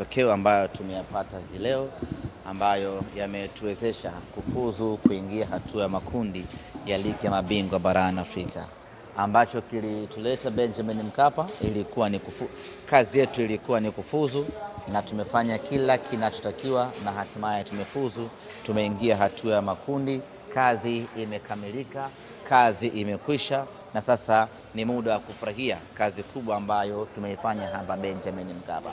matokeo ambayo tumeyapata hii leo ambayo yametuwezesha kufuzu kuingia hatua ya makundi ya ligi ya mabingwa barani Afrika. Ambacho kilituleta Benjamin Mkapa ilikuwa ni kufu, kazi yetu ilikuwa ni kufuzu, na tumefanya kila kinachotakiwa na hatimaye tumefuzu, tumeingia hatua ya makundi. Kazi imekamilika, kazi imekwisha, na sasa ni muda wa kufurahia kazi kubwa ambayo tumeifanya hapa Benjamin Mkapa.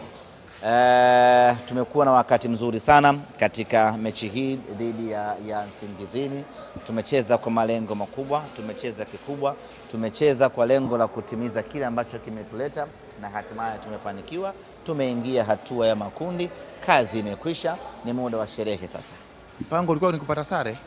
Eh, tumekuwa na wakati mzuri sana katika mechi hii dhidi ya, ya Nsingizini. Tumecheza kwa malengo makubwa, tumecheza kikubwa, tumecheza kwa lengo la kutimiza kile ambacho kimetuleta na hatimaye tumefanikiwa. Tumeingia hatua ya makundi, kazi imekwisha, ni muda wa sherehe sasa. Mpango ulikuwa ni kupata sare,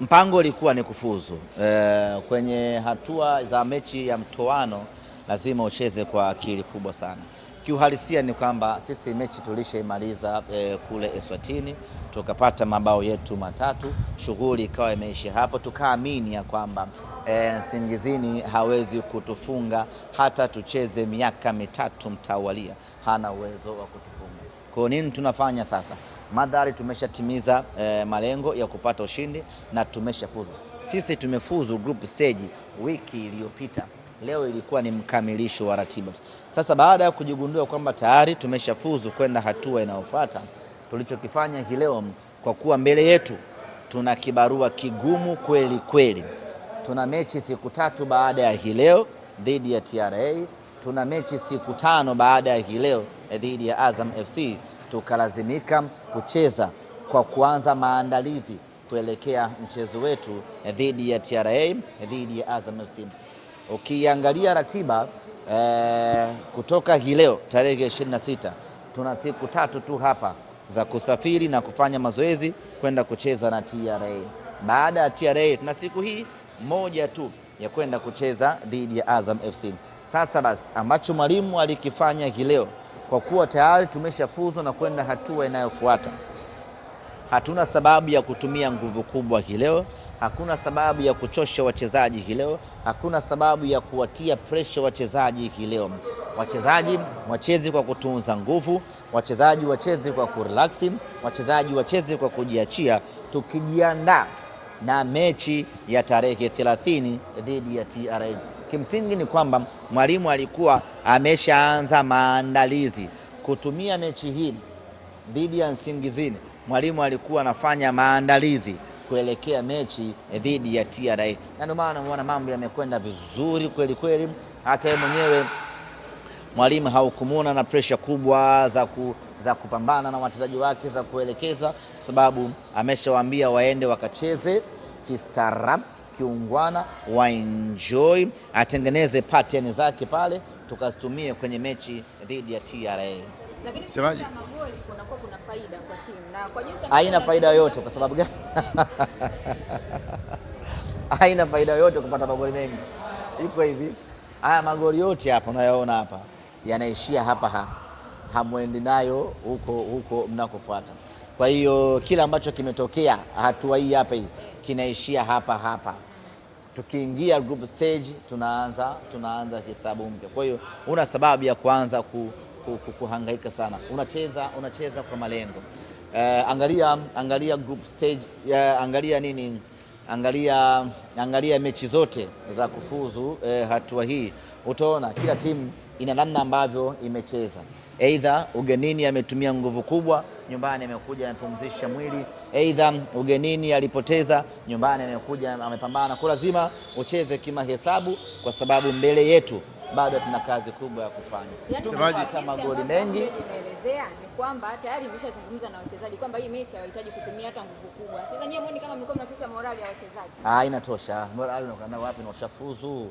mpango ulikuwa ni kufuzu. E, kwenye hatua za mechi ya mtoano lazima ucheze kwa akili kubwa sana. Kiuhalisia ni kwamba sisi mechi tulishaimaliza e, eh, kule Eswatini tukapata mabao yetu matatu, shughuli ikawa imeisha hapo. Tukaamini ya kwamba e, eh, Singizini hawezi kutufunga hata tucheze miaka mitatu mtawalia, hana uwezo wa kutufunga. Kwa nini tunafanya sasa? Madhari tumeshatimiza e, malengo ya kupata ushindi na tumeshafuzu. Sisi tumefuzu group stage wiki iliyopita leo ilikuwa ni mkamilisho wa ratiba. Sasa baada ya kujigundua kwamba tayari tumeshafuzu kwenda hatua inayofuata, tulichokifanya hii leo, kwa kuwa mbele yetu tuna kibarua kigumu kweli kweli, tuna mechi siku tatu baada ya hii leo dhidi ya TRA, tuna mechi siku tano baada ya hii leo eh, dhidi ya Azam FC, tukalazimika kucheza kwa kuanza maandalizi kuelekea mchezo wetu eh, dhidi ya TRA eh, dhidi ya Azam FC. Ukiangalia ratiba eh, kutoka hii leo tarehe 26 tuna siku tatu tu hapa za kusafiri na kufanya mazoezi kwenda kucheza na TRA. Baada ya TRA tuna siku hii moja tu ya kwenda kucheza dhidi ya Azam FC. Sasa basi, ambacho mwalimu alikifanya hii leo, kwa kuwa tayari tumeshafuzu na kwenda hatua inayofuata Hatuna sababu ya kutumia nguvu kubwa hileo, hakuna sababu ya kuchosha wachezaji hileo, hakuna sababu ya kuwatia presha wachezaji hileo. Wachezaji wacheze kwa kutunza nguvu, wachezaji wacheze kwa kurelaksi, wachezaji wacheze kwa kujiachia, tukijiandaa na mechi ya tarehe 30 dhidi ya TRA. Kimsingi ni kwamba mwalimu alikuwa ameshaanza maandalizi kutumia mechi hii dhidi ya Nsingizini, mwalimu alikuwa anafanya maandalizi kuelekea mechi dhidi ya TRA, na ndio maana unaona mambo yamekwenda vizuri kweli kweli. Hata yeye mwenyewe mwalimu haukumuona na presha kubwa za ku za kupambana na wachezaji wake za kuelekeza, kwa sababu ameshawaambia waende wakacheze kistara kiungwana, enjoy atengeneze pattern zake pale tukazitumie kwenye mechi dhidi ya TRA. Semaji? faida kwa timu na kwa jinsi haina faida yoyote. Kwa sababu gani? haina faida yoyote kupata magoli mengi. Iko hivi, haya magoli yote hapa unayoona hapa yanaishia hapa hapa, hamwendi nayo huko huko mnakofuata. Kwa hiyo kila ambacho kimetokea hatua hii hapa hii kinaishia hapa hapa. Tukiingia group stage, tunaanza tunaanza hesabu mpya. Kwa hiyo una sababu ya kuanza ku kuhangaika sana, unacheza unacheza kwa malengo uh, angalia angalia group stage uh, angalia nini angalia angalia mechi zote za kufuzu uh, hatua hii, utaona kila timu ina namna ambavyo imecheza. Aidha ugenini ametumia nguvu kubwa, nyumbani amekuja amepumzisha mwili. Aidha ugenini alipoteza, nyumbani amekuja amepambana. Kwa lazima ucheze kimahesabu, kwa sababu mbele yetu bado tuna kazi kubwa ya kufanya. Yaani Msemaji hata magoli mengi nimeelezea ni kwamba tayari nimeshazungumza na wachezaji kwamba hii mechi hawahitaji kutumia hata nguvu kubwa. Sasa nyinyi muone kama mlikuwa mnashusha morale ya wachezaji? Ah, inatosha. Morale Morali nao wapi na ushafuzu?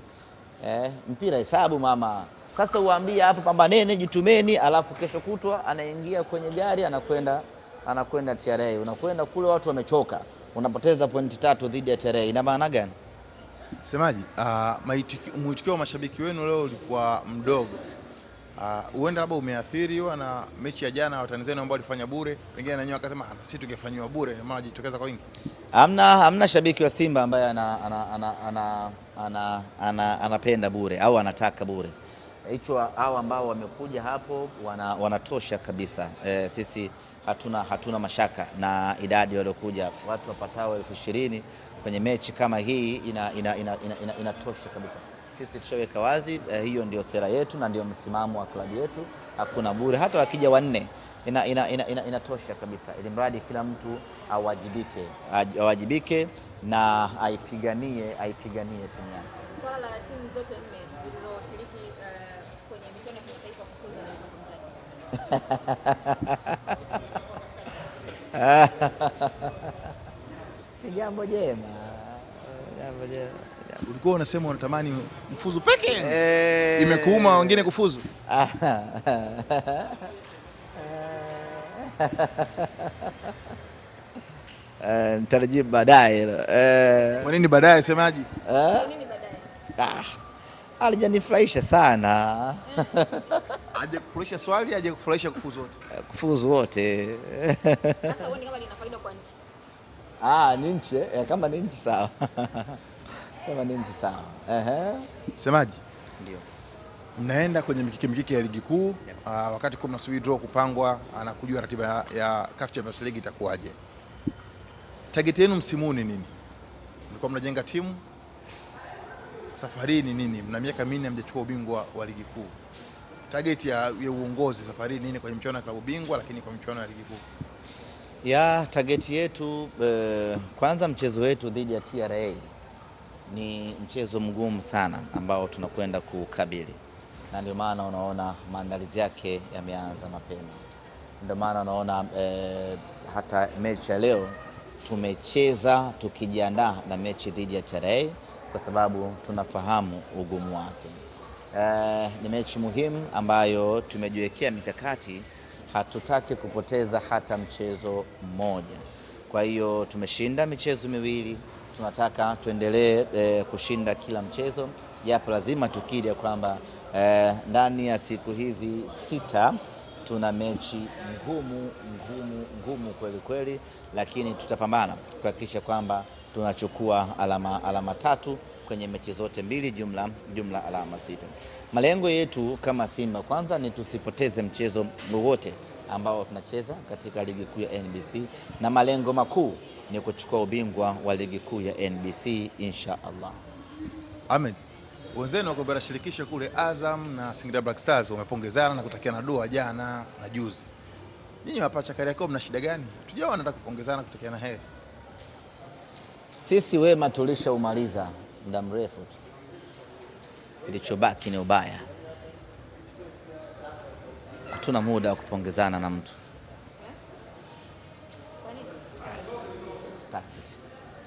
Eh, mpira hesabu mama. Sasa uambie hapo kwamba nene jitumeni, alafu kesho kutwa anaingia kwenye gari anakwenda anakwenda TRA. Unakwenda kule watu wamechoka. Unapoteza pointi tatu dhidi ya TRA. Ina maana gani? Semaji, uh, ah, mwitikio wa mashabiki wenu leo ulikuwa mdogo, ah, huenda uh, labda umeathiriwa na mechi ya jana wa Tanzania ambao walifanya bure, pengine na akasema ah, si tungefanyiwa bure, maana jitokeza kwa wingi. Hamna, hamna shabiki wa Simba ambaye anapenda ana, ana, ana, ana, ana, ana bure au anataka bure hicho. Hao ambao wamekuja hapo wana, wanatosha kabisa. E, sisi hatuna, hatuna mashaka na idadi waliokuja, watu wapatao elfu ishirini kwenye mechi kama hii inatosha ina, ina, ina, ina, ina kabisa. Sisi tushaweka wazi eh, hiyo ndio sera yetu na ndio msimamo wa klabu yetu, hakuna bure. Hata wakija wanne inatosha ina, ina, ina, ina kabisa, ili mradi kila mtu awajibike, awajibike na aipiganie, aipiganie timu yake. Swala la timu zote nne zilizoshiriki eh, kwenye michuano ya kimataifa kufuzu Jambo jema, jambo jema. Ulikuwa unasema unatamani mfuzu peke yake, eh. imekuuma wengine kufuzu? Eh, nitarajie baadaye eh. Kwa nini baadaye, semaji? Ah, Alijanifurahisha sana. Aje kufurahisha swali, aje kufurahisha kufuzu wote. Kufuzu wote. Ah, ni nchi eh? eh, kama ni nchi sawa. Kama ni nchi sawa. eh. Semaji? Ndio. Mnaenda kwenye mikiki mikiki ya ligi kuu yep. Uh, wakati kuna mnasubiri draw kupangwa, anakujua ratiba ya, ya CAF Champions League itakuwaje? Target yenu ni nini? Mlikuwa mnajenga timu safari ni nini? Mna miaka minne hamjachukua ubingwa wa ligi kuu. Target ya, ya uongozi safari nini kwenye mchuano ya klabu bingwa, lakini kwa mchuano ya ligi kuu ya tageti yetu eh, kwanza mchezo wetu dhidi ya TRA ni mchezo mgumu sana ambao tunakwenda kukabili, na ndio maana unaona maandalizi yake yameanza mapema. Ndio maana unaona eh, hata mechi ya leo tumecheza tukijiandaa na mechi dhidi ya TRA kwa sababu tunafahamu ugumu wake. Eh, ni mechi muhimu ambayo tumejiwekea mikakati hatutaki kupoteza hata mchezo mmoja. Kwa hiyo tumeshinda michezo miwili, tunataka tuendelee e, kushinda kila mchezo, japo lazima tukiri ya kwamba e, ndani ya siku hizi sita tuna mechi ngumu ngumu ngumu kweli kweli, lakini tutapambana kuhakikisha kwamba tunachukua alama, alama tatu kwenye mechi zote mbili, jumla jumla alama sita. Malengo yetu kama Simba kwanza ni tusipoteze mchezo wowote ambao tunacheza katika ligi kuu ya NBC na malengo makuu ni kuchukua ubingwa wa ligi kuu ya NBC insha Allah. Amen. Wenzenu wa kombe shirikisho kule Azam na Singida Black Stars wamepongezana na kutakiana dua jana na juzi. Ninyi mapacha Kariakoo mna shida gani? Tujao wanataka kupongezana kutakiana heri. Sisi wema tulishaumaliza muda mrefu tu, kilichobaki ni ubaya. Hatuna muda wa kupongezana na mtu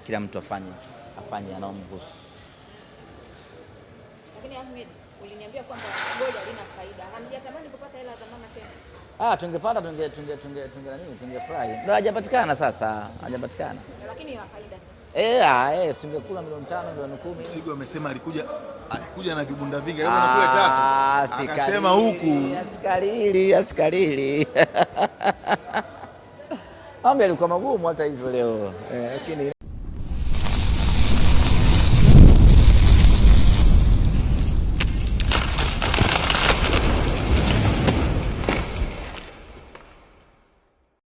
Kila mtu afanye afanye anaomhusu. Lakini Ahmed, uliniambia kwamba faida. Hamjatamani kupata hela tena? Ah, tungepata tunge tunge tunge tunge nini tungefurahi. Ndio hajapatikana sasa, hajapatikana. Lakini ina faida sasa. Eh, ah, eh, si ungekula milioni tano milioni kumi. Msigo amesema alikuja alikuja na vibunda vingi leo anakula ah, tatu. Akasema huku askari hili, askari hili. Ambe alikuwa magumu hata hivyo leo. Eh, lakini